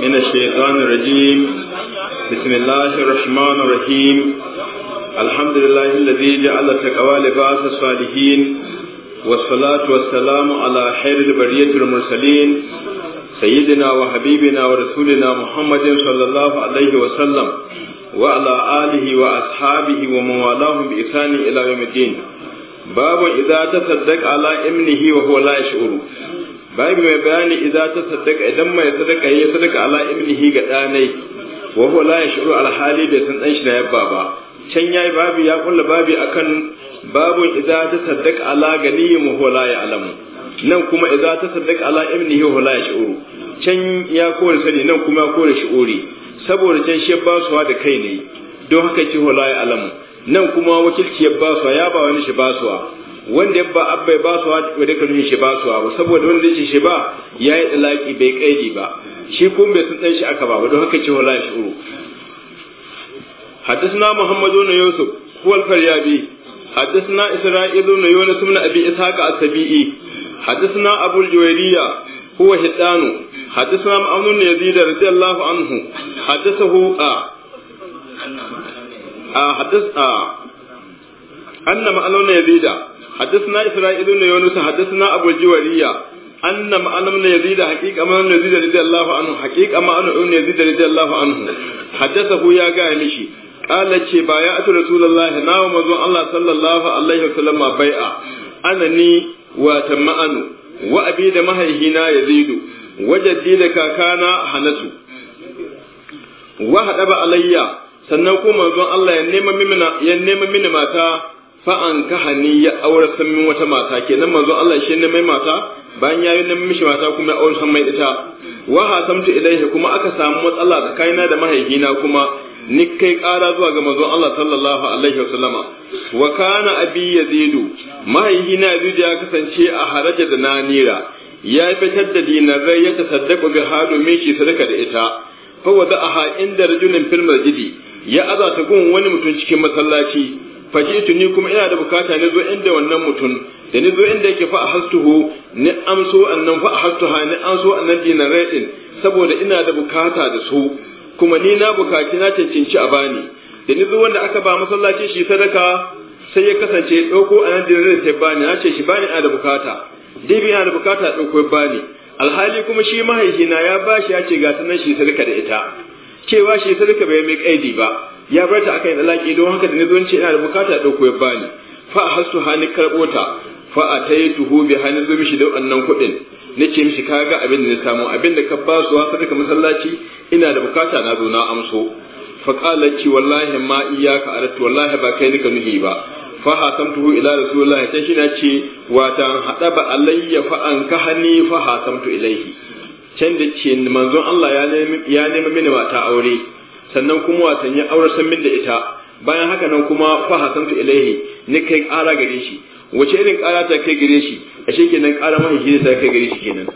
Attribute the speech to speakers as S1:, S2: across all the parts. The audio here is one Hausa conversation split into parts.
S1: من الشيطان الرجيم بسم الله الرحمن الرحيم الحمد لله الذي جعل التقوى لباس الصالحين والصلاة والسلام على خير البرية المرسلين سيدنا وحبيبنا ورسولنا محمد صلى الله عليه وسلم وعلى آله وأصحابه ومن والاهم بإحسان إلى يوم الدين باب إذا تصدق على ابنه وهو لا يشعر babu mai bayani idan ta saddaka idan mai sadaka ya sadaka ala ibnihi ga danai wa huwa la yashuru al hali bai san dan shi na yabba ba can yayi babu ya kulla babu akan babu idan ta saddaka ala gani mu huwa la ya'lamu nan kuma idan ta saddaka ala ibnihi huwa la yashuru can ya kore sani nan kuma ya kore shi'uri saboda can shi ba suwa da kai ne don haka ce huwa la ya'lamu nan kuma wakilci ya ba ya ba wani shi ba suwa wanda ya ba abbai ba su wa da karmi shi ba su wa saboda wanda ya ce shi ba ya yi dalaki bai kaidi ba shi kuma bai tsantsan shi aka ba wadda haka ce wala shi uru haddasa Muhammadu na yusuf kuwal faryabi haddasa na isra'ilu na yona sun na abin isa ka asabi'i haddasa na abul juwairiya kuwa Hidanu. haddasa na ma'amnu na yazida radiyallahu anhu haddasa hu a haddasa أن معلون يزيد حدثنا إسرائيل بن يونس حدثنا أبو الجوارية أن ما أنا من يزيد حقيقة ما من يزيد رضي الله a حقيقة ما أنا من يزيد رضي الله عنه حدثه يا قائمشي قال ce baya atu rasulullahi na wa mazon Allah sallallahu alaihi wasallam bai'a ana ni wa tamanu wa abi da mahaihina yazidu wajaddi da kakana hanasu wa hadaba alayya sannan ko manzon Allah ya ya nema mini mata fa'an kahani ya aure sammin wata mata kenan manzo Allah shi ne mai mata bayan ya yi nan mishi mata kuma ya aure san mai ita wa Samtu ilaihi kuma aka samu matsala tsakanina da mahaifina kuma ni kai ƙara zuwa ga manzo Allah sallallahu alaihi wasallama wa kana abi yazidu mahaifina yazidu ya kasance a haraja da nanira ya fitar da dinarai ya tasaddaqa bi hadu shi sadaka da ita fa wada aha inda rajulin filmar jidi ya azata gun wani mutum cikin masallaci fajitu ni kuma ina da bukata ne zo inda wannan mutum da ni zo inda yake fa hastuhu ni amso annan fa hastuha ni amso annan dinarai din saboda ina da bukata da su kuma ni na bukaci na cancanci a bani da ni zo wanda aka ba masallaci shi sadaka sai ya kasance dauko annan dinarai sai bani na ce shi bani ina da bukata dibi ina da bukata dauko bani alhali kuma shi mahaifina ya bashi ya ce ga sanan shi sadaka da ita cewa shi sadaka bai mai kaidi ba ya bar ta akan talaki don haka da ni ce ina da bukata da ya bani fa hasu hani karbo ta fa ataituhu bi hani zo mishi da wannan kuɗin nace mishi kaga abin da na samu abin da ka ba su wa masallaci ina da bukata na zo na amso fa qala ki wallahi ma iyyaka aratu wallahi ba kai nika nuhi ba fa hasamtuhu ila rasulullahi sai shi na ce watan hada ba alayya fa an hani fa hasamtu ilaihi can da ce manzon Allah ya nemi ya nemi mini mata aure sannan kuma watan ya aure san min da ita bayan haka nan kuma fa hasantu ilaihi ni kai ƙara gare shi wace irin ƙara ta kai gare shi ashe kenan ƙara mai shi ta kai gare shi kenan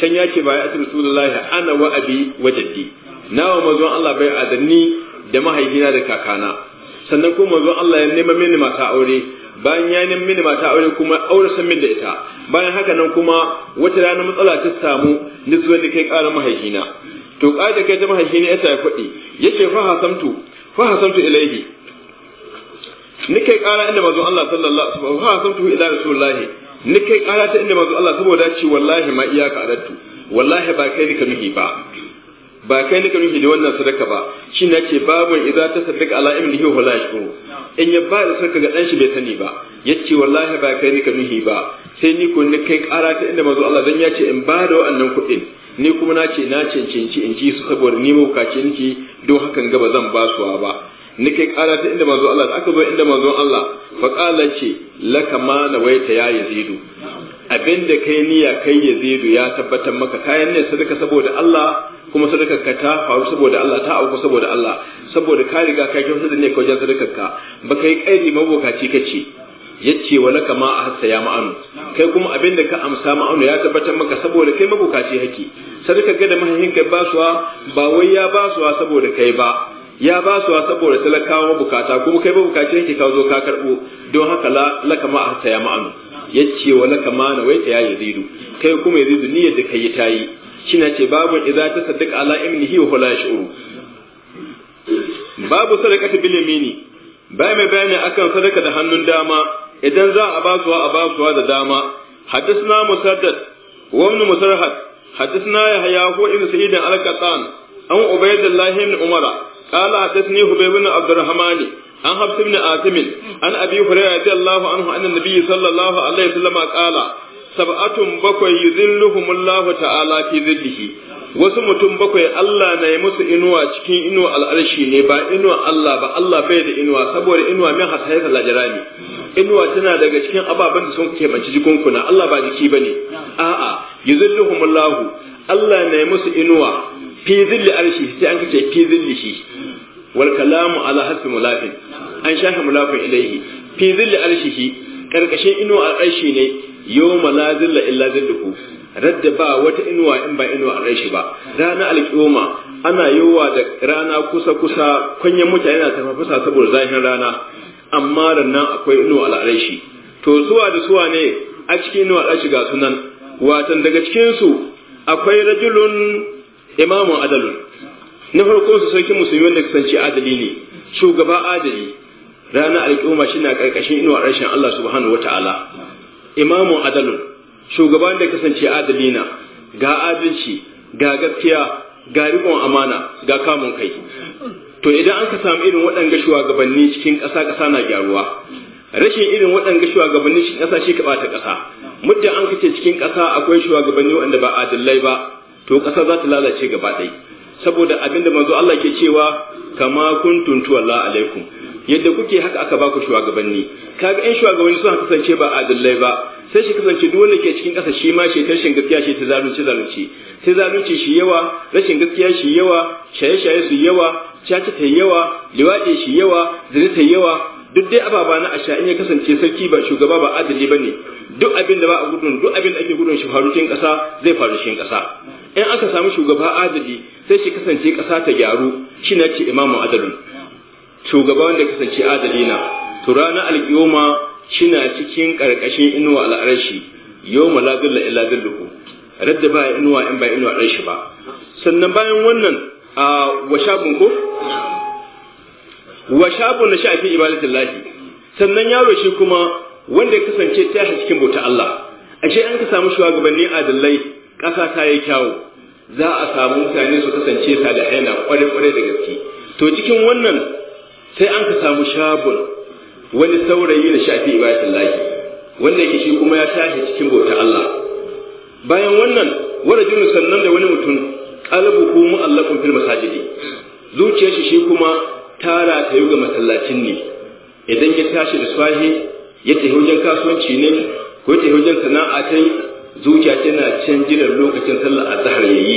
S1: can ya ce ba ya asibi rasulullahi ana wa abi wa jaddi na wa Allah bai adanni da mahaifina da kakana sannan kuma mazon Allah ya nema mini mata aure bayan ya nema mini mata aure kuma aure san min da ita bayan haka nan kuma wata rana matsala ta samu ni zuwa ni kai ƙara mahaifina to kaida kai jama'a shi ne ya tafi kuɗi yace fa hasamtu fa hasamtu ilaihi nike kara inda manzo Allah sallallahu alaihi wasallam fa hasamtu ila rasulullahi nike kara ta inda manzo Allah saboda ce wallahi ma iyaka adattu wallahi ba kai ka nuhi ba ba kai ka nufi da wannan sadaka ba shi na ce babu idan ta sadaka ala ibnihi wa shi yashkuru in ya ba da sadaka ga dan shi bai sani ba yace wallahi ba kai ka nufi ba sai ni ko ne kai kara ta inda manzo Allah dan ya ce in ba da wannan kuɗin ni kuma na ce na cancanci in ci su saboda ni mawukaci nake don hakan gaba zan ba ba ni kai kara ta inda manzo Allah da aka zo inda mazo Allah fa qala ce laka ma waita ya yazidu abinda kai niyya kai yazidu ya tabbatar maka kayan ne sadaka saboda Allah kuma sadakarka ta faru saboda Allah ta auku saboda Allah saboda ka riga ka kyautar da ne ka wajen sadakarka ba ka yi ƙairi mabokaci ka ce ya ce wa laka ma a ya ma'anu kai kuma abin da ka amsa ma'anu ya tabbatar maka saboda kai mabokaci haki sadakar ga da mahaihin kai suwa ba wai ya ba suwa saboda kai ba ya ba suwa saboda talakawa bukata kuma kai mabukaci haki ka zo ka karbo, don haka laka ma a ya ma'anu ya ce wa laka ma na wai ta ya zidu, kai kuma yazidu niyyar da kai ta yi shine ce babu idza ta saddaka ala ibnihi wa la yashuru babu sadaqati bil yamini ba mai ne akan sadaka da hannun dama idan za a ba suwa a ba suwa da dama hadisna musaddad wa ibn musarhad hadisna yahya hu ibn sa'id al-qatan an ubaydillah ibn umara قال حدثني حبيب بن عبد الرحمن عن حفص بن عاصم عن ابي هريره رضي الله عنه ان النبي صلى الله عليه وسلم قال sab'atun bakwai yuzilluhumullahu ta'ala fi zillihi wasu mutum bakwai Allah na yi musu inuwa cikin inuwa al'arshi ne ba inuwa Allah ba Allah bai da inuwa saboda inuwa min hasayata lajarami inuwa tana daga cikin ababen da sun jikunku na, Allah ba jiki bane a'a yuzilluhumullahu Allah na yi musu inuwa fi zilli arshi sai an kace fi shi wal kalamu ala hasbi mulafin an shahi mulafin ilayhi fi zilli arshi. karkashin inuwa al'arshi ne yau malazilla illa zilluhu radda ba wata inuwa in ba inuwa al'arshi ba rana alƙiyoma ana yowa da rana kusa kusa kwanyen mutane na tafafasa saboda zahin rana amma nan akwai inuwa al'arshi to suwa da suwa ne a cikin inuwa a ga sunan watan daga cikinsu akwai rajulun imamun adalun na farkon su sarki musulmi wanda kasance adali ne shugaba adali ranar alƙiyoma shi na ƙarƙashin inuwa rashin Allah subhanahu Ta'ala. imamun adalun shugaban da kasance adali na ga adalci ga gaskiya ga riƙon amana ga kamun kai to idan an ka samu irin waɗanga shugabanni cikin ƙasa ƙasa na gyaruwa rashin irin waɗanga shugabanni cikin ƙasa shi ka ɓata ƙasa muddin an kace cikin ƙasa akwai shugabanni waɗanda ba adalai ba to ƙasa za ta lalace gaba ɗaya saboda abinda manzo Allah ke cewa kama kuntum tuwalla alaikum yadda kuke haka aka baku shugabanni kaga yan shugabanni suna kasance ba adalai ba sai shi kasance duk wanda ke cikin ƙasa shi ma shi rashin gaskiya shi ta zalunci zalunci sai zalunci shi yawa rashin gaskiya shi yawa shaye shaye su yawa caci ta yawa liwaɗe shi yawa zina ta yawa duk dai ababa na asha in ya kasance sarki ba shugaba ba adali ne duk abin da ba a gudun duk abin da ake gudun shi faru cikin ƙasa zai faru cikin ƙasa in aka samu shugaba adali sai shi kasance ƙasa ta gyaru shi na ce imamu adalin. shugaba wanda kasance adali na to ranar alkiyoma shina cikin karkashin inuwa al'arashi yau malazilla illa zilluhu radda ba inuwa in ba inuwa al'arashi ba sannan bayan wannan a washabun ko washabun na shafi ibadatin lahi sannan yaro shi kuma wanda ya kasance ta cikin bauta Allah ashe an ka samu shugabanni adalai ƙasa ta yi kyawu za a samu mutane su kasance ta da na kwarai-kwarai da gaske to cikin wannan sai an ka samu shagon wani saurayi da shafi ibadatul lahi wannan yake shi kuma ya tashi cikin bautar Allah bayan wannan wani jirin sannan da wani mutum qalbu hu mu'allaqun fil masajidi zuciyar shi shi kuma tara ta ga masallacin ne idan ya tashi da sahi ya tafi wajen kasuwanci ne ko ya tafi wajen sana'a kai zuciya tana can lokacin sallar azhar yayi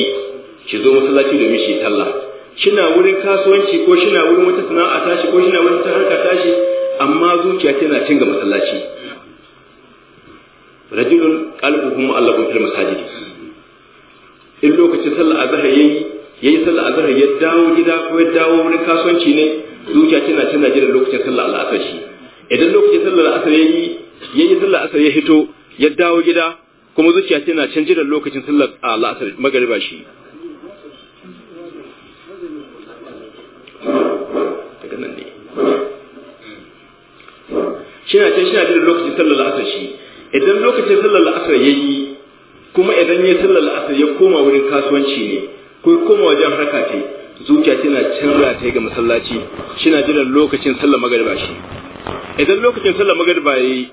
S1: ki zo masallaci da shi sallah shina wurin kasuwanci ko shina wurin wata sana'a tashi ko shina wurin ta harka tashi amma zuciya tana cin ga masallaci rajulun qalbuhu mu'allaqun fil masajid in lokacin sallah azhar yayi yayi sallah azhar ya dawo gida ko ya dawo wurin kasuwanci ne zuciya tana tana jira lokacin sallah al'asar shi idan lokacin sallah al'asar yayi yayi sallah asar ya hito ya dawo gida kuma zuciya tana can da lokacin sallar al'asar magariba shi shina can shina da lokacin sallar la'asar shi idan lokacin sallar la'asar ya yi kuma idan ya sallar la'asar ya koma wurin kasuwanci ne ko koma wajen harka ce zuciya tana canza ta ga masallaci shina da lokacin sallar magariba shi idan lokacin sallar magariba ya yi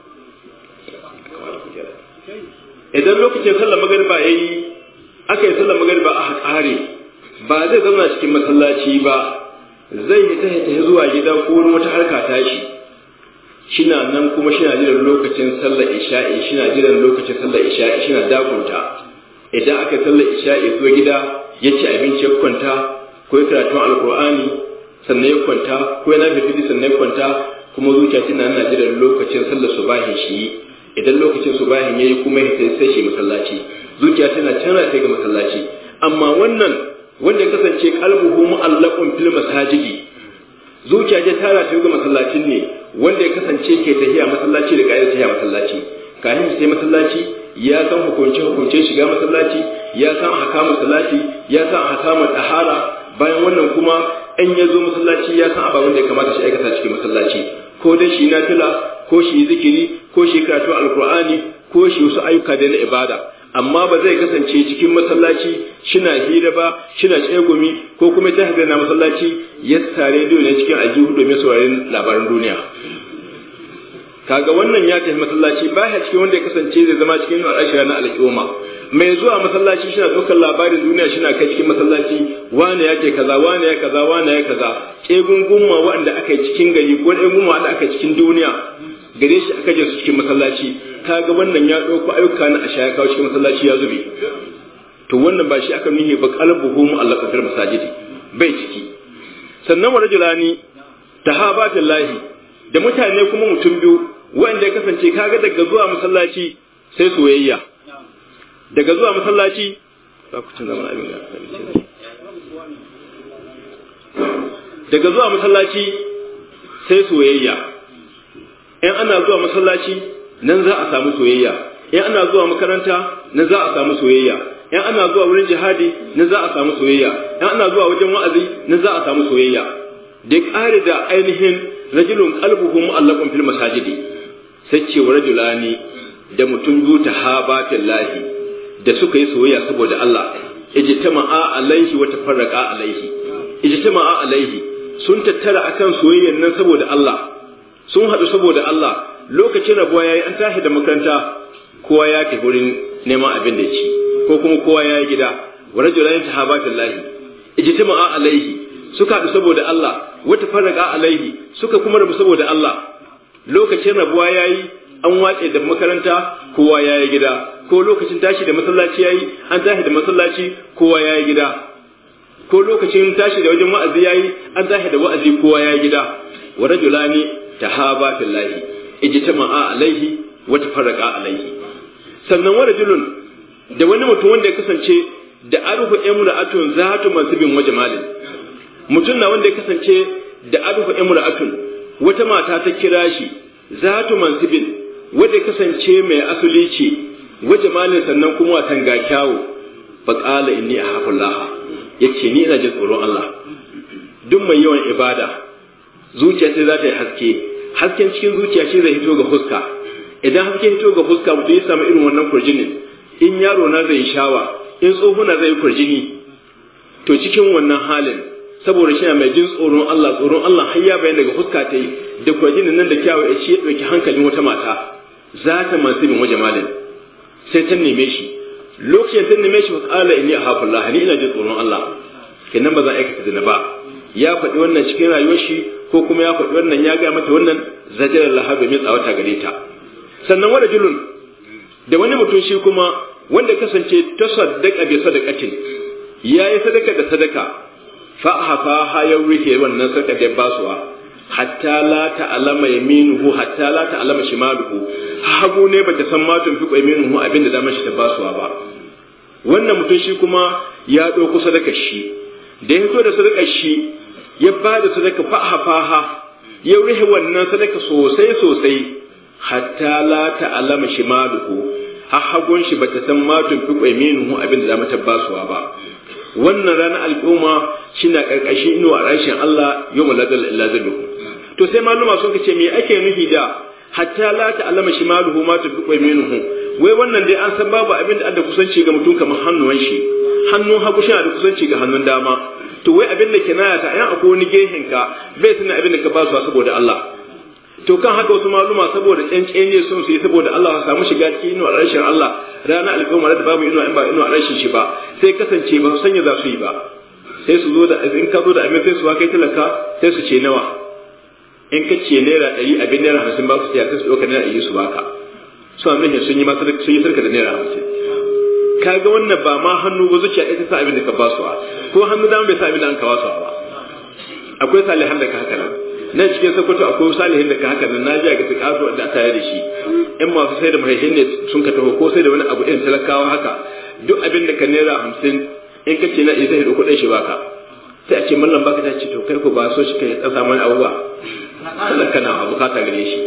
S1: idan lokacin sallar magariba ya yi aka yi sallar magariba aka kare ba zai zauna cikin masallaci ba zai ta zuwa gida ko wata harka ta shi. shina nan kuma shina jiran lokacin sallar isha'i shina jiran lokacin sallar isha'i shina dakunta idan aka sallar isha'i zo gida ya ci abinci ya kwanta ko ya karatu alkur'ani sannan ya kwanta ko yana fitidi sannan ya kwanta kuma zuciya tana nan jiran lokacin sallar subahin shi idan lokacin subahin yayi kuma ya sai sai shi masallaci zuciya tana tana sai ga masallaci amma wannan wanda kasance kalbuhu mu'allaqun fil masajidi zuciya ta tara ta ga masallacin ne wanda ya kasance ke tahiya masallaci da ƙa'idar tahiya masallaci kafin sai masallaci ya san hukunce hukunce shiga masallaci ya san hakamun salati ya san hakamun tahara bayan wannan kuma in ya zo masallaci ya san abin da ya kamata shi aikata cikin masallaci ko dai shi nafila ko shi zikiri ko shi karatu alkur'ani ko shi wasu ayyuka da na ibada amma ba zai kasance cikin masallaci shina hira ba shina tsegumi ko kuma ta hada na masallaci ya tare dole ne cikin aljihu domin sauraron labaran duniya kaga wannan ya tafi masallaci ba ya cikin wanda ya kasance zai zama cikin al'ashira na al'umma mai zuwa masallaci shina dukkan labarin duniya shina kai cikin masallaci ya yake kaza wani ya kaza wani ya kaza tsegungunma wanda aka yi cikin gari ko tsegungunma wanda aka yi cikin duniya gare shi aka je su cikin masallaci ga wannan ya ɗauko ayyuka na ashaya kawo cikin masallaci ya zube to wannan ba shi aka nuni ba qalbuhu mu'allaqatul masajidi bai ciki sannan wa rajulani tahabatillahi da mutane kuma mutum biyu wanda ya kasance kaga daga zuwa masallaci sai soyayya daga zuwa masallaci
S2: za ku canza mana abin da
S1: daga zuwa masallaci sai soyayya in ana zuwa masallaci nan za a samu soyayya in ana zuwa makaranta nan za a samu soyayya in ana zuwa wurin jihadi nan za a samu soyayya in ana zuwa wajen wa'azi nan za a samu soyayya da ƙari da ainihin rajulun kalbuhu mu'allaqun fil masajidi sai ce wa rajulani da mutum biyu tahaba fillahi da suka yi soyayya saboda Allah ijtama'a alaihi wa tafarraqa alaihi ijtama'a alaihi sun tattara akan soyayyan nan saboda Allah sun haɗu saboda Allah lokacin rabuwa yayi an tashi da makaranta kowa ya ke wurin neman abin da ci ko kuma kowa ya yi gida wa rajulain tahabatillahi ijtima'a alaihi suka haɗu saboda Allah wata farraqa alaihi suka kuma rabu saboda Allah lokacin rabuwa yayi an watse da makaranta kowa ya yi gida ko lokacin tashi da masallaci yayi an tashi da masallaci kowa ya yi gida ko lokacin tashi da wajen wa'azi yayi an tashi da wa'azi kowa ya yi gida wa rajulani tahaba fillahi ijtama'a alaihi wa tafarraqa alaihi sannan wa rajulun da wani mutum wanda ya kasance da arufa emura atun zatu mansibin wa jamalin mutum na wanda ya kasance da arufa emura atun wata mata ta kira shi zatu mansibin wanda ya kasance mai asali ce wa jamalin sannan kuma watan ga kyawu fa qala inni ahafullah yace ni ina jin tsoron Allah duk mai yawan ibada zuciya sai za ta yi haske hasken cikin zuciya shi zai hito ga fuska idan haske hito ga fuska mutum ya samu irin wannan kurjinin in yaro na zai shawa in tsohuna zai kurjini to cikin wannan halin saboda shi mai jin tsoron Allah tsoron Allah har ya bayan daga fuska ta yi da kurjinin nan da kyawu ya ce ya ɗauki hankalin wata mata za ta masu bin waje malin sai ta neme shi lokacin ta neme shi wasu ala yi a hafin lahani ina jin tsoron Allah kenan ba za a aikata da na ba ya faɗi wannan cikin rayuwar shi ko kuma ya faɗi wannan ya ga mata wannan zajirar lahabi min tsawata gare ta sannan wani julun da wani mutum shi kuma wanda kasance ta sadaka bi sadakatin ya yi sadaka da sadaka fa hafa hayar rike wannan sadaka da basuwa hatta la ta'lama yaminuhu hatta la ta'lama shimaluhu hagu ne bata san ma tun fiƙo yaminuhu abinda da mashi ta basuwa ba wannan mutum shi kuma ya ɗauko sadaka shi da ya fito da sadaka shi ya ba da sadaka faha faha ya rihe wannan sadaka sosai sosai hatta la ta'lama shimaluhu hahagon shi bata san ma tunfi qaiminuhu abin da zama tabbasuwa ba wannan ranar al'umma karkashi karkashin inuwa rashin Allah yawmal ladal illa zabihu to sai maluma sun ce me ake nufi da hatta la ta'lama shimaluhu ma tunfi qaiminuhu wai wannan dai an san babu abin da adda kusanci ga mutum kamar hannuwan shi hannun hagu shi da kusanci ga hannun dama to wai abin da ke naya ta ayan akwai wani gehen ka bai sanin abin da ka ba su saboda Allah to kan haka wasu maluma saboda tsantsene sun su yi saboda Allah samu shiga cikin inuwa rashin Allah rana alƙawar da babu inuwa in ba inuwa rashin shi ba sai kasance ba su sanya za su yi ba sai su zo da in ka zo da abin sai su kai talaka sai su ce nawa in ka ce naira ɗari abin naira hamsin ba su siya sai su ɗauka naira ɗari su baka su amin sun yi masarki sun yi sarka da naira hamsin kaga wannan ba ma hannu ba zuciya ita sa abin da ka basu ko hannu dama bai sa abin da an ka basu ba akwai salihan da ka haka nan nan cikin sokoto akwai salihin da ka haka nan na jiya ga su kaso da tare da shi in masu sai da mahaihin ne sun ka taho ko sai da wani abu irin talakawa haka duk abin da ka naira hamsin in ka ce na isa da kuɗin shi baka sai a ce mallam baka ta ce to kai ko ba so shi kai ɗan samun abubuwa talaka na bukata gare shi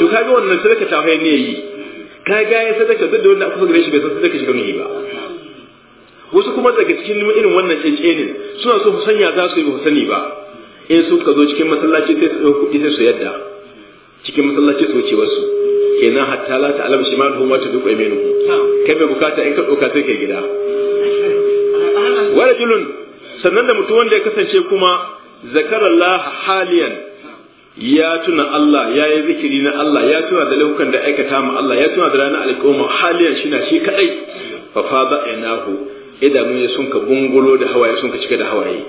S1: to kaga wannan sai ka tawaye ne yi ka ga ya sadaka duk da wanda aka gare shi bai san sadaka shi ga ba wasu kuma daga cikin irin wannan cece ne suna so su sanya za su yi musani sani ba in su ka zo cikin masallaci sai su kuɗi sai su yadda cikin masallaci su wuce wasu kenan hatta la ta alam shimaluhum wa duk yaminuhum kai mai bukata in ka doka sai kai gida wa rajulun sannan da mutum wanda ya kasance kuma zakarallaha haliyan ya tuna Allah ya yi zikiri na Allah ya tuna da laifukan da aikata ma Allah ya tuna da ranar alƙawma haliyan shi na shi kadai fa fa ba ainahu idanu ya ka bungulo da hawaye sun ka cika da hawaye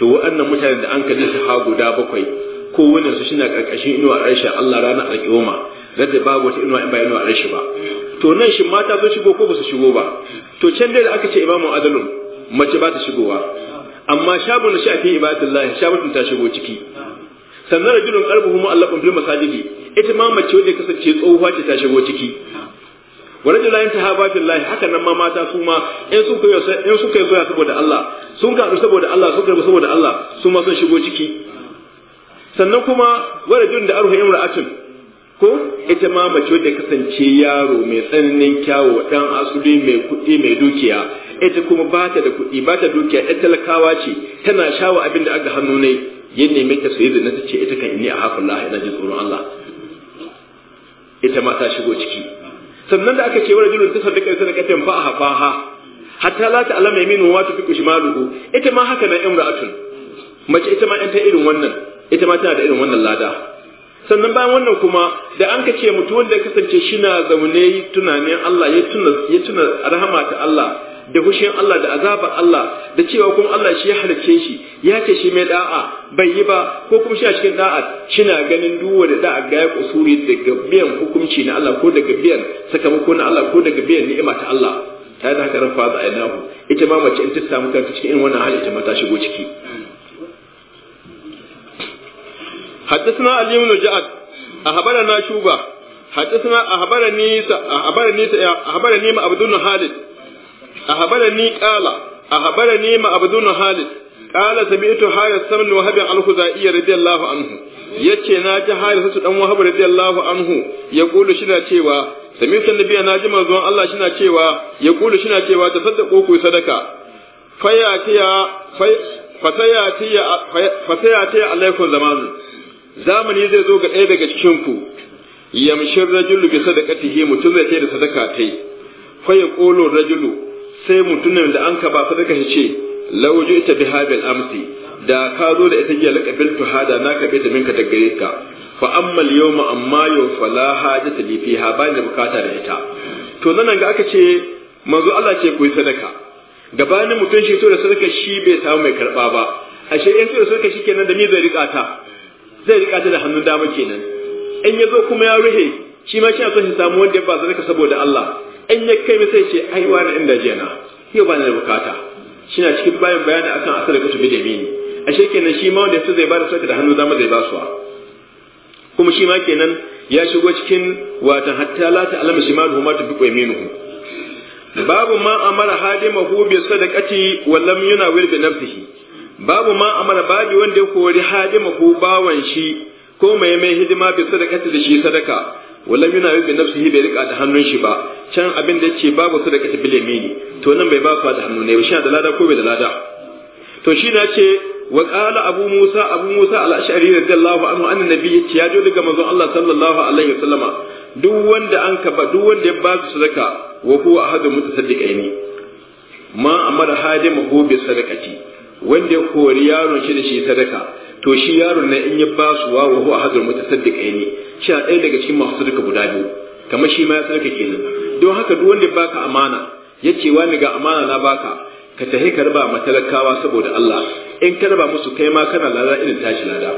S1: to wa'annan mutanen da an kaje su ha guda bakwai ko wani su na karkashin inuwa arsha Allah ranar alƙawma gadda babu wata inuwa in ba inuwa arshi ba to nan shi mata sun shigo ko ba su shigo ba to can dai da aka ce imamu adalun mace ba ta shigowa amma shabun shafi ibadallahi shabatun ta shigo ciki sannan rajulun Allah mu'allaqun bil masajidi ita ma mace wadda kasance tsohuwa ce ta shigo ciki wa rajulain tahabatillahi haka nan ma mata su ma in suka yi in suka yi zuwa saboda Allah sun kaɗu saboda Allah sun karbi saboda Allah su ma sun shigo ciki sannan kuma wani rajulun da arhu imra'atun ko ita ma mace wadda kasance yaro mai tsananin kyawo dan asuli mai kuɗi mai dukiya ita kuma ba ta da kuɗi ba ta dukiya ɗan talakawa ce tana shawa abin da aka hannu ne yin nemi ta soyi zina ta ce ita kan ni a hafin lahi na jin tsoron Allah ita ma ta shigo ciki sannan da aka ce wa rajulun tasaddaqa sadaqatan fa ha, hatta la alama yamin wa tufiqu duhu. ita ma haka na imra'atun mace ita ma ɗan ta irin wannan ita ma tana da irin wannan lada sannan bayan wannan kuma da an ka ce mutum wanda ya kasance shi na zaune tunanin Allah ya tuna ya tuna rahama ta Allah da hushin Allah da azabar Allah da cewa kuma Allah shi ya halicce shi ya ce shi mai da'a bai yi ba ko kuma shi a cikin da'a shi na ganin duwa da da'a ga ya kusuri daga biyan hukunci na Allah ko daga biyan sakamako na Allah ko daga biyan ni'ima ta Allah ta da haka rafa za a yi ita ma mace in ta samu kanta cikin wannan hali ta ma ta shigo ciki حدثنا علي بن جعد أخبرنا شوبة حدثنا أخبرني أخبرني أخبرني ما عبد بن خالد أخبرني قال أخبرني ما عبد بن خالد قال سمعت حارث بن وهب الخزاعي رضي الله عنه yace na ji harisu dan wahab radiyallahu anhu ya kulu shina cewa sami san na ji manzon Allah shina cewa ya kulu shina cewa ta saddako ku sadaka fayatiya alaikum zamanu zamani zai zo ga ɗaya daga cikin ku yamshin rajulu bi sadaqatihi mutum zai da sadaka tai fa yaqulu rajulu sai mutumin da an ka ba sadaka shi ce law ita bi hadal amsi da ka zo da ita jiya laqabil hada na kabe ta minka daga ka fa amma al-yawma amma yau fala hajata li fiha ba ni bukata da ita to nan ga aka ce manzo Allah ce ku yi sadaka gabanin mutum shi to da sadaka shi bai samu mai karba ba ashe in so da sadaka shi kenan da ni zai rika ta zai rika ta da hannun dama kenan in ya zo kuma ya ruhe shi ma shi a son shi samu wanda ya ba sadaka saboda Allah in ya kai mai sai ce ai wani inda je na yau ba ni da bukata shi na cikin bayan bayani akan asali kutu bi da mini ashe kenan shi ma wanda ya zai ba da sauka da hannu dama zai ba su kuma shi ma kenan ya shigo cikin watan hatta la ta alama shi ma ruhuma ta biƙo yaminuhu babu ma amara hadimahu bi sadaqati wa lam yunawil bi nafsihi babu ma amala babu wanda ya kori hadima ko bawan shi ko mai mai hidima bi sadakati da shi sadaka wala yana yi bi nafsihi bai rika da hannun shi ba can abin da yake babu sadakati ta yamini to nan bai ba da hannu ne shi da lada ko bai da lada to shi na ce wa qala abu musa abu musa al-ash'ari radiyallahu anhu anna nabiyyi ya jo daga manzon Allah sallallahu alaihi wasallama duk wanda an ka ba duk wanda ya ba su sadaka wa huwa ahadu mutasaddiqaini ma amara ko bi sadakati. wanda ya kori yaron shi da shi sadaka to shi yaron na in ya ba su wa wa hadar mutasaddiqa ne shi a ɗaya daga cikin masu sadaka guda biyu kamar shi ma ya sadaka kenan don haka duk wanda baka amana yace ni ga amana na baka ka tahi ka raba talakawa saboda Allah in ka raba musu kai ma kana lada irin tashi lada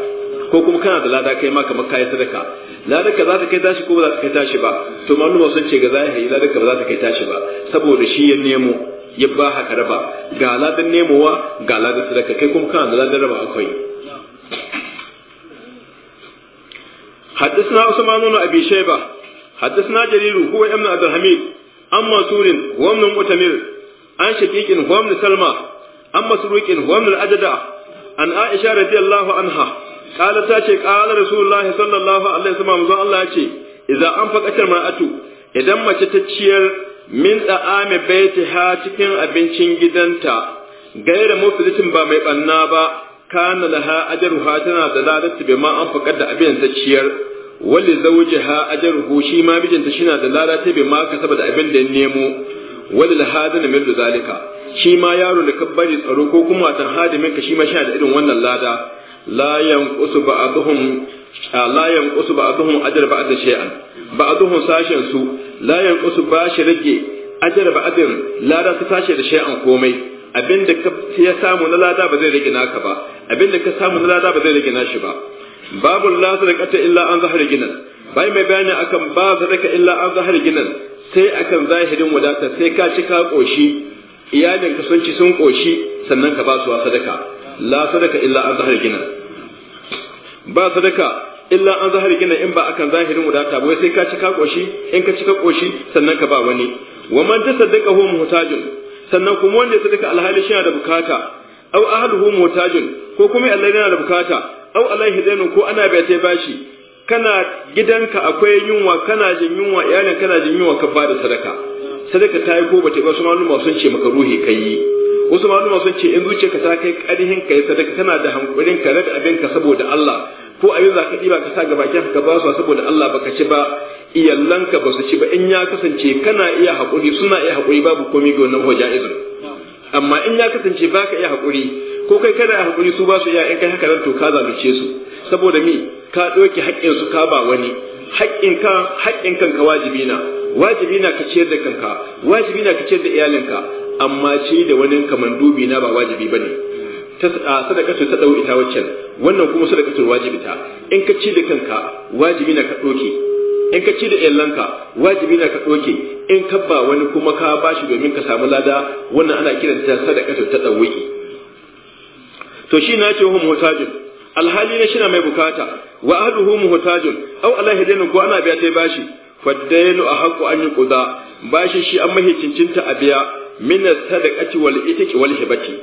S1: ko kuma kana da lada kai ma kamar yi sadaka lada ka za ta kai tashi ko ba za ta kai tashi ba to maluma sun ce ga zahiri lada ka ba za ta kai tashi ba saboda shi ya nemo ya ba haka raba ga ladan nemowa ga ladan sadaka kai kuma kana da ladan raba akwai حدثنا عثمان بن ابي شيبه حدثنا جرير هو ابن عبد الحميد عن منصور هو ابن مؤتمر عن شقيق هو ابن سلمى عن مسروق هو ابن الاجدع عن عائشه رضي الله عنها قالت تاتي قال رسول الله صلى الله عليه وسلم الله يتي اذا انفقت المراه idan mace ta ciyar min tsa'ami ha cikin abincin gidanta gaira mufsidatin ba mai banna ba kana laha ha tana da ladatu bi ma an fakar da abin ta ciyar wali zawjiha ajruhu shi ma mijinta shina da ladatu bi ma ka saboda abin da ya nemo wali lahadin min zalika shi ma yaro da ka bari tsaro ko kuma ta hadimin ka shi ma shina da irin wannan lada la yanqusu ba'dhum la yanqusu ba'dhum ajra ba'd shay'an ba'dhum sashen su la yanqusu ba shi rage ajra ba'din lada ta sashe da shay'an komai abinda ka ya samu na lada ba zai rage naka ba abinda ka samu na lada ba zai rage nashi ba babu la sadaqata illa an zahari ginan bai mai bayani akan ba sadaqa illa an zahar ginan sai akan zahirin wadata sai ka ci ka koshi iyalinka sun ci sun koshi sannan ka ba su sadaka la sadaka illa an zahar ginan ba sadaka illa an zahari gina in ba akan zahirin wadata ba sai ka cika koshi in ka cika koshi sannan ka ba wani wa man tasaddaka hu muhtajin sannan kuma wanda ya sadaka alhali shi da bukata aw ahluhu muhtajin ko kuma Allah yana da bukata aw alaihi dainun ko ana bai sai bashi kana gidanka akwai yunwa kana jin yunwa iyalin kana jin yunwa ka bada sadaka sadaka ta yi ko bata ba su malum sun ce maka ruhi kai wasu maluma sun ce in ka ta kai ka kai sadaka tana da hankulin ka rada abin ka saboda Allah ko abin za ka diba ka sa ga bakin ka ba su saboda Allah baka ci ba iyallanka ba su ci ba in ya kasance kana iya haƙuri suna iya haƙuri babu komai ga wannan wajaizun amma in ya kasance baka iya haƙuri ko kai kana iya haƙuri su ba su iya in kai haka zan to ka zalunce su saboda mi ka ɗauki haƙƙin su ka ba wani haƙƙin ka haƙƙin kanka wajibi na wajibi na ka ciyar da kanka wajibi na ka ciyar da iyalinka amma ce da wani kaman dubi na ba wajibi bane ta ce ta dau ita waccan wannan kuma ce wajibi ta in ka ci da kanka wajibi na ka doke in ka ci da yallanka wajibi na ka doke in ka ba wani kuma ka bashi domin ka samu lada wannan ana kiranta ce ta dawwi to shi na ce hum mutajin alhali na shina mai bukata wa ahluhu muhtajin aw Allah yadinu ko ana biya sai bashi faddainu ahqqu an yuqda bashi shi an mahicincinta a biya min sadaqati wal itiqi wal hibati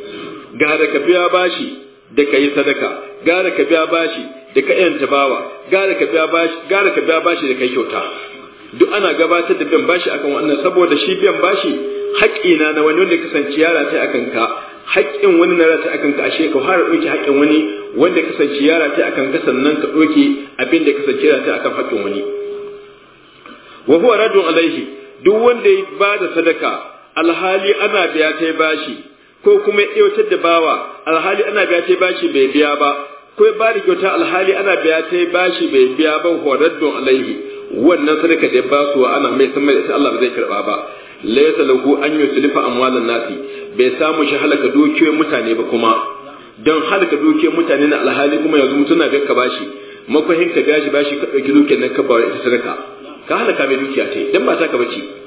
S1: gara ka biya bashi da kai sadaka gara ka biya bashi da ka yanta bawa gara ka biya bashi gara ka biya bashi da kai kyauta duk ana gabatar da biyan bashi akan wannan saboda shi biyan bashi haƙƙi na na wani wanda kasance yara ta akan ka haƙƙin wani na rata akan ka ashe ka fara ɗauki haƙƙin wani wanda kasance yara ta akan ka sannan ka ɗauki abin da kasance yara ta akan haƙƙin wani wa huwa radun alaihi duk wanda ya ba da sadaka alhali ana biya ta bashi ko kuma yautar da bawa alhali ana biya ta bashi bai biya ba ko ba da kyauta alhali ana biya ta bashi bai biya ba horaddun alaihi wannan sadaka da ba su ana mai san da ita Allah ba zai karba ba laysa lahu an yuslifa amwalan nasi bai samu shi halaka dukiyoyin mutane ba kuma don halaka dukiyoyin mutane na alhali kuma yanzu mutuna ga ka bashi makwahin ka gashi bashi ka dauki dukiyar nan ka ba ita sadaka ka halaka mai dukiya ta dan ba ta ka bace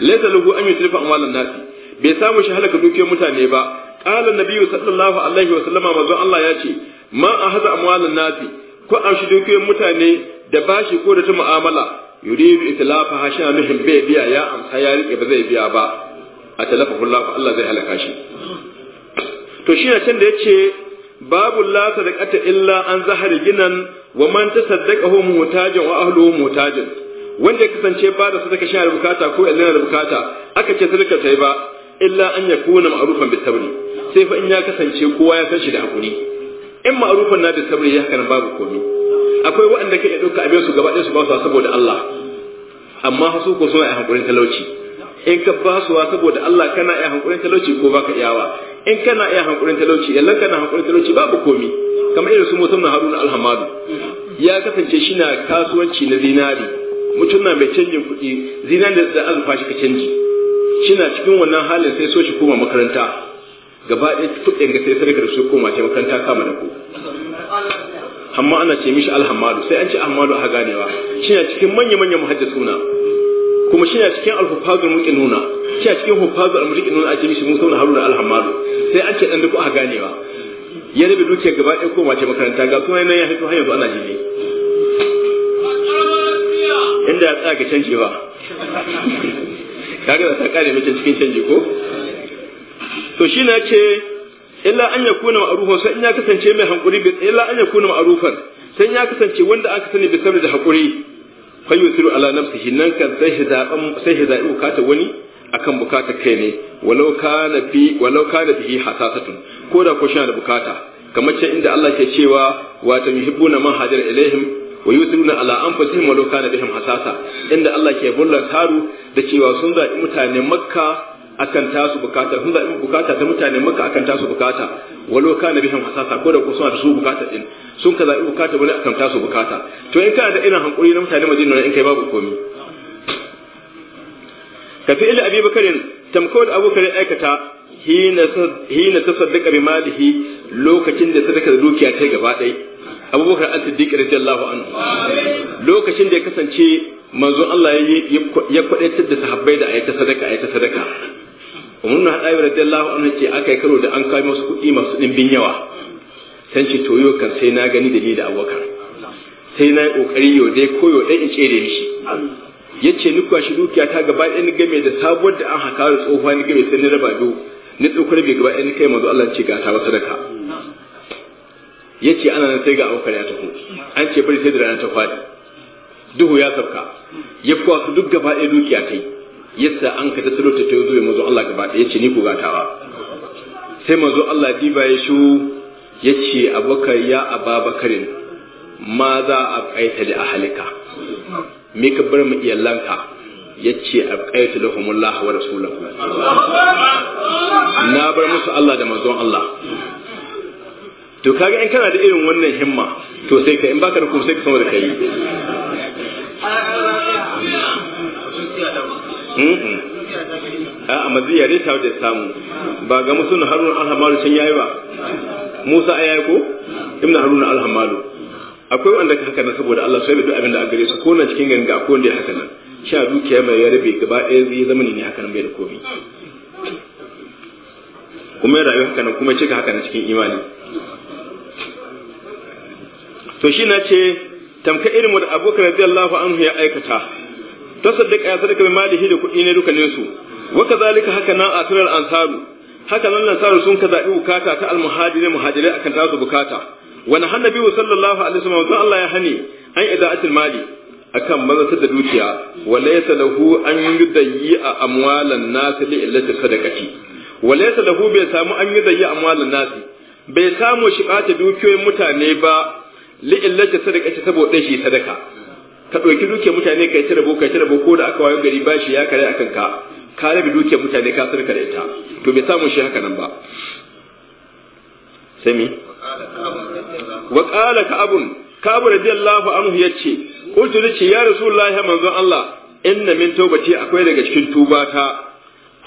S1: laysa lahu an yusrifa amwalan nasi bai samu shi halaka dukiyar mutane ba qala nabiyyu sallallahu alaihi wa sallama manzo Allah ya ce ma ahaza amwalan nasi ko an shi dukiyar mutane da bashi ko da ta mu'amala yuridu itlafa hasha nuhin bai biya ya amsa ya rike ba zai biya ba a talafahu Allah zai halaka shi to shi ne can da yace babu la sadaqata illa an zahar ginan wa man tasaddaqahu muhtajan wa ahluhu muhtajan wanda ya kasance ba da sadaka shi da bukata ko yanzu da bukata aka ce sadaka ta yi ba illa an ya kuna ma'arufan bitabri sai fa in ya kasance kowa ya san shi da hakuri in ma'arufan na bitabri ya hakan babu komai akwai waɗanda ke iya ɗauka abin su gaba ɗaya su ba su saboda Allah amma su ko suna iya hankulin talauci in ka ba su saboda Allah kana iya hankulin talauci ko baka iyawa in kana iya hankulin talauci yallan kana hankulin talauci babu komai kamar irin su mutum na Haruna Alhamadu ya kasance shi na kasuwanci na zinari mutum na mai canjin kuɗi zinan da azurfa shi ka canji shina cikin wannan halin sai so shi koma makaranta gaba ɗaya kuɗin ga sai sadaka da su koma ce makaranta kama da ku amma ana ce mishi alhamadu sai an ce ahmadu a ganewa shina cikin manya-manyan suna kuma shina cikin nuna shi shina cikin muke nuna a ce mishi musa haruna alhamadu sai an ce ɗan duk a ganewa ya rabe dukiyar gaba ɗaya koma ce makaranta ga sunan nan ya fito har yanzu ana jini inda ya tsaya canji ba kaga ta kare mace cikin canji ko to shi na ce illa an ya kuna ma'arufa sai in ya kasance mai hankuri bi illa an ya kuna ma'arufa sai ya kasance wanda aka sani bi sabri da hakuri fayyusiru ala nafsihi nan kan sai hizaban sai hizabi bukatar wani akan bukata kai ne walau kana fi walau kana bihi hasasatun ko da ko shi da bukata kamar ce inda Allah ke cewa wa ta yuhibbuna man hajar ilaihim wa yusiruna ala anfusihim wa law kana bihim hasasa inda Allah ke bullan taru da cewa sun zaɓi mutanen Makka akan tasu bukata sun zaɓi bukata ta mutane maka akan tasu bukata walau kana na bihan hasasa ko da ko da su bukata din sun ka zaɓi bukata wani akan tasu bukata to in kana da irin hankuri na mutane madina in kai babu komi ka fi ila abi bakarin tamko da abu kare aikata hina tasaddaka bi malihi lokacin da sadaka da dukiya ta gaba ɗaya abubakar as-siddiq radiyallahu anhu lokacin da ya kasance manzon Allah ya kwadaitar da sahabbai da ayata sadaka ayata sadaka umar bin hadawi radiyallahu anhu ce aka yi karo da an kawo masu kuɗi masu bin yawa san ce to yau kan sai na gani da ni da abubakar sai na yi kokari yau dai ko yau dai in cire shi yace ni kwashi dukiya ta gaba ɗaya ni game da sabuwar da an haka da tsohuwa ni game sai ni raba biyu ni tsokar bai gaba ɗaya ni kai manzo Allah ce ga ta sadaka ya ce ana nan sai ga abubakar ya tafi an ce bari sai da rana ta faɗi duhu ya sauka ya fi wasu duk gaba ɗaya dukiya ta yi yasa an ka ta ta tayo zuwa mazu Allah gaba ɗaya ce ni ku gatawa sai mazu Allah diba ya shu ya ce abubakar ya ababakarin ma za a kaita da ahalika me ka bar mu iyallanka ya ce a ƙaita lahumullah wa rasulahu na bar musu Allah da manzon Allah to kaga in kana da irin wannan himma to sai ka in baka da kuma sai ka sama da kai a a maziya dai wajen da samu ba ga musulun harunan haruna alhamalu can yayi ba musa a yayi ko ibn haruna alhamalu akwai wanda ka haka na saboda Allah sai duk abin da a gare su ko na cikin ganga ko wanda ya haka nan sha dukiya mai ya rabe gaba ɗaya zai zamani ne haka nan bai da komai
S2: kuma ya rayu haka nan kuma cika haka nan cikin imani
S1: to shi na ce tamka irin wanda abokan radiyallahu anhu ya aikata ta saddaka ya sadaka mai malihi da kuɗi ne dukkanin su wa kazalika haka nan asirar ansaru haka nan ansaru sun ka zaɓi bukata ta almuhajirin muhajirai akan tasu bukata wani hannabi sallallahu alaihi wasallam zan Allah ya hani an yi ida'atul mali akan mazatar da dukiya wala ya salahu an yi a amwalan nasi li illati sadaqati wala ya salahu bai samu an yi da yudayyi amwalan nasi bai samu shi bata dukiyoyin mutane ba li'illati sadaka ce saboda shi sadaka ka ɗauki duke mutane kai ta rabo kai ta rabo ko da aka wayo gari bashi ya kare akan ka ka rabi duke mutane ka sarka da ita to bai samu shi haka nan ba sai mi wa qala ka abun ka abu radiyallahu anhu yace qultu ce ya rasulullahi manzon Allah inna min tawbati akwai daga cikin tubata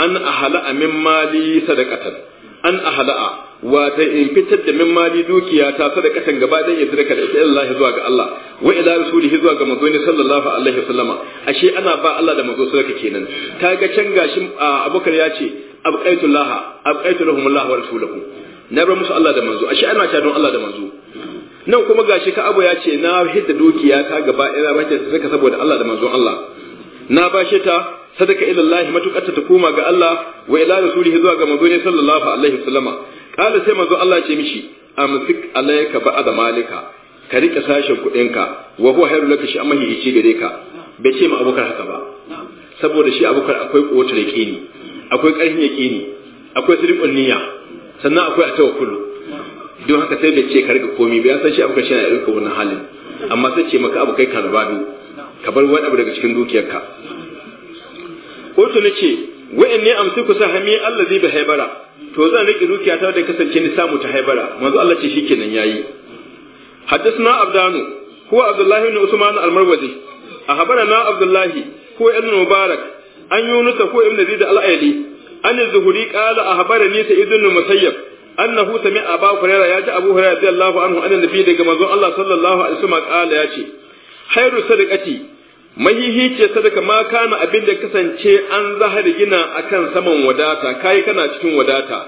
S1: an ahala min mali sadaqatan an ahla'a wata in fitar da min mali dukiya ta sadakatan gaba dan ya zurka da Allah zuwa ga Allah wa ila rasulihi zuwa ga manzo ne sallallahu alaihi wasallama ashe ana ba Allah da manzo ka kenan Ta ga can gashi abukar ya ce abqaitullah Allah wa rasuluhu na bar musu Allah da manzo ashe ana ta don Allah da manzo nan kuma gashi ka abu ya ce na hidda dukiya ta gaba ina bakin sadaka saboda Allah da manzo Allah na bashe ta sadaka ila Allah matukar ta koma ga Allah wa ila rasulihi zuwa ga manzo ne sallallahu alaihi wasallama kala sai manzo Allah ya ce mishi amsik alayka ba'da malika ka rike sashen kuɗinka wa huwa hayru laka shi amma hici gare ka bai ce ma abukar haka ba saboda shi abukar akwai kowace ni akwai ƙarfin yaqini akwai sirqun niyya sannan akwai tawakkulu don haka sai bai ce ka rike komai bai san shi abukar shi na irin wannan halin amma sai ce maka abu kai ka bar wani abu daga cikin dukiyarka Otun ce wa'in ne amsu ku sa hami Allah zai bi haibara to zan rike dukiya ta da kasance nisa samu ta haibara manzo Allah ce shikenan yayi haddathna abdanu huwa abdullahi ibn usman al-marwazi na abdullahi ko ibn mubarak an Yunusa, ko ibn zaid al-aili an zuhuri qala ahbarani sa ibn musayyab annahu sami'a abu hurairah ya ji abu hurairah radiyallahu anhu annabi daga manzo Allah sallallahu alaihi wasallam qala ya ce khairu sadaqati mahihi ce sadaka ma kana abin da kasance an zahar gina akan saman wadata kai kana cikin wadata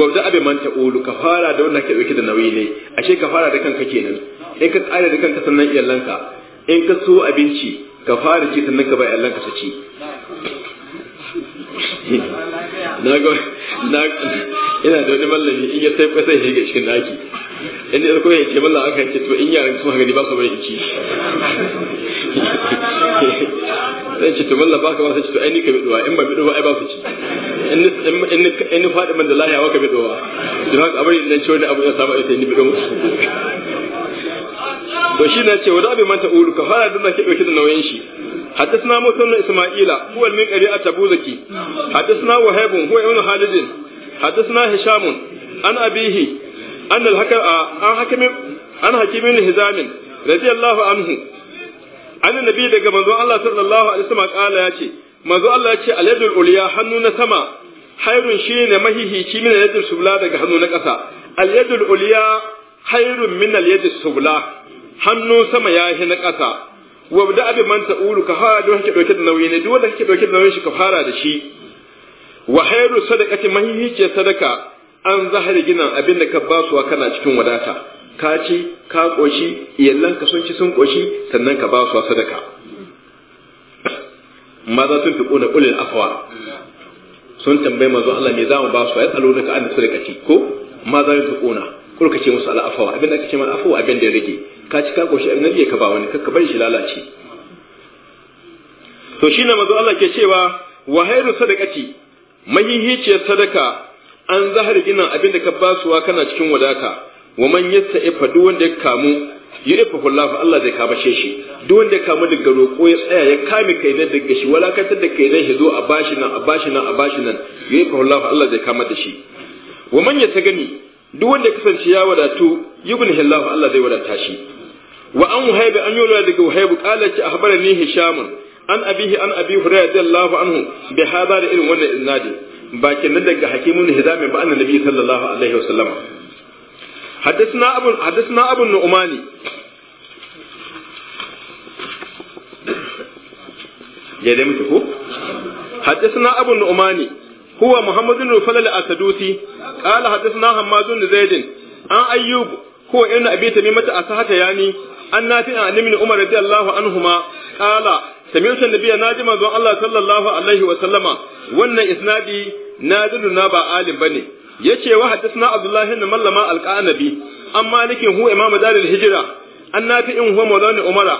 S1: wabda abi man ta'ulu ka fara da wannan ke dauke da nauyi ne ashe ka fara da kanka kenan in ka tsara da kanka sannan iyalanka in ka so abinci ka fara sannan ka bai iyalanka su ci
S2: na ga
S1: na ina da wani mallami in ya sai kwasa sai shiga cikin daki in da ko ya ce mallam aka ce to in yaran sun haka ba su bari ci sai ce to mallan baka ba sai ce to ai ni ka duwa in ba bi duwa ai ba su ci in in in fadi man da lahiya waka duwa to haka abari dan ce wani abu ya samu sai ni bi duwa to shi na ce wa da bi man ta uru ka fara da ke dauke da nauyin shi حدثنا موسى بن اسماعيل هو المنقري التبوذكي حدثنا وهيب هو ابن خالد حدثنا هشام عن أبيه أن الحكم عن حكم عن حكيم هزام رضي الله daga manzon Allah sallallahu alaihi wasallam kala yace manzon Allah yace alyadul ulya hannu na sama hairun shine mahihici min alyadul subla daga hannu na ƙasa alyadul ulya min alyadul subla hannu sama yahi na ƙasa wabda abi man ta'ulu ka fara don kake dauke da nauyi ne duk wanda kake dauke da nauyin shi ka fara da shi wa khairu sadaqati mahihi ce sadaka an zahari ginan abin da ka basuwa kana cikin wadata ka ci ka koshi iyallanka sun ci sun koshi sannan ka basuwa sadaka maza sun fi kona ulil afwa sun tambayi manzo Allah me za mu basuwa ya tsalo daga an sadaqati ko maza sun fi kona ko ka ce musu al afwa abin da ka ce mal afwa abin da ya rage ka ci ka koshi abin da ka ba wani ka bar shi lalace to shine manzo Allah ke cewa wa khairu sadaqati mahihiciyar sadaka an zahar ginin abin da ka basuwa kana cikin wadaka wa man ifa duk wanda ya kamu ya ifa kullahu Allah zai kamashe shi duk wanda ya kamu daga roƙo ya tsaya ya kame kai nan daga shi walakantar da kai nan shi zo a bashi nan a bashi nan a bashi nan ya ifa kullahu Allah zai kama da shi wa man ya ta gani duk wanda ya kasance ya wadatu yubni hillahu Allah zai wadata shi wa an wahaibi an yola daga wahaibu qala ci ahbarani hishamun an abihi an abi hurairah radiyallahu anhu bi hada da irin wannan iznadi ba kenan daga hakimun hizami ba annabi sallallahu alaihi wasallam hadathna abu hadathna abu nu'mani ya dai muke ko hadathna abu nu'mani huwa muhammad bin fulal asadusi qala hadathna hammad bin zaid an ayyub هو ان ابي تميمه اصحى يعني ان نافع عن ابن عمر رضي الله عنهما قال sami'tu nabiyya naji don Allah sallallahu alaihi wa sallama wannan isnadi nazilu na ba ne. bane yace wa haddathna abdullahi ibn mallama alqanabi an malikin hu imamu daril hijira an in huwa mawlana umara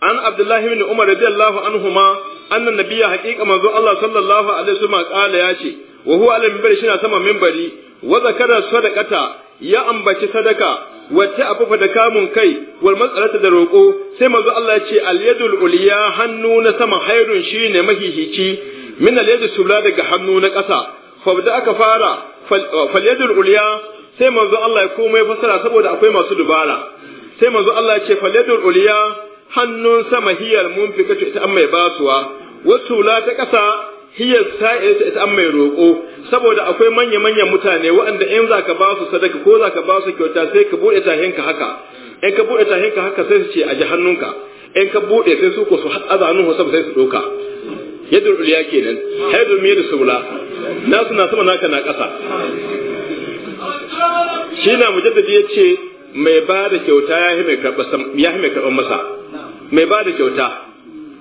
S1: an abdullahi ibn umar radiyallahu anhuma annan nabiya haqiqa manzo Allah sallallahu alaihi wasallam kala ya ce wa huwa ala minbari shi na sama minbari wa zakara sadaqata ya ambaci sadaka wacce afufa da kamun kai wal matsalata da roƙo sai manzo Allah ya ce al yadul ulya hannu na sama hairun shine mahihici min al yadu subla daga hannu na ƙasa fa da aka fara fal yadul ulya sai manzo Allah ya komai fasara saboda akwai masu dubara sai manzo Allah ya ce fal yadul ulya hannun sama hiyar munfikatu ita an mai basuwa wasu la ta ƙasa hiyar sa'ilata ita an mai roƙo saboda akwai manya-manyan mutane waɗanda in za ka ba su sadaka ko za ka ba su kyauta sai ka buɗe tahinka haka in ka buɗe tahinka haka sai su ce a ji hannunka in ka buɗe sai su ko su haɗa hannun sai su ɗauka yadda uliya kenan haidul miyar sula na suna sama naka na ƙasa shi na mujaddadi ya ce mai ba da kyauta ya yi mai karɓar masa mai ba da kyauta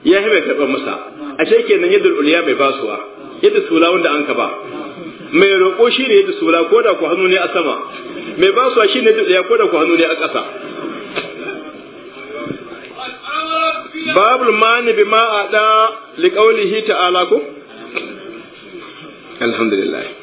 S1: ya yi mai karɓar masa ashe kenan yadda uliya mai basuwa yadda sula wanda an ka ba mai roƙo shi ne yadda sula ko da ku hannu ne a sama mai basuwa shi ne yadda uliya ko da ku hannu ne a ƙasa babul mani bi ma'ada liƙaulihi ta'ala ko
S2: alhamdulillah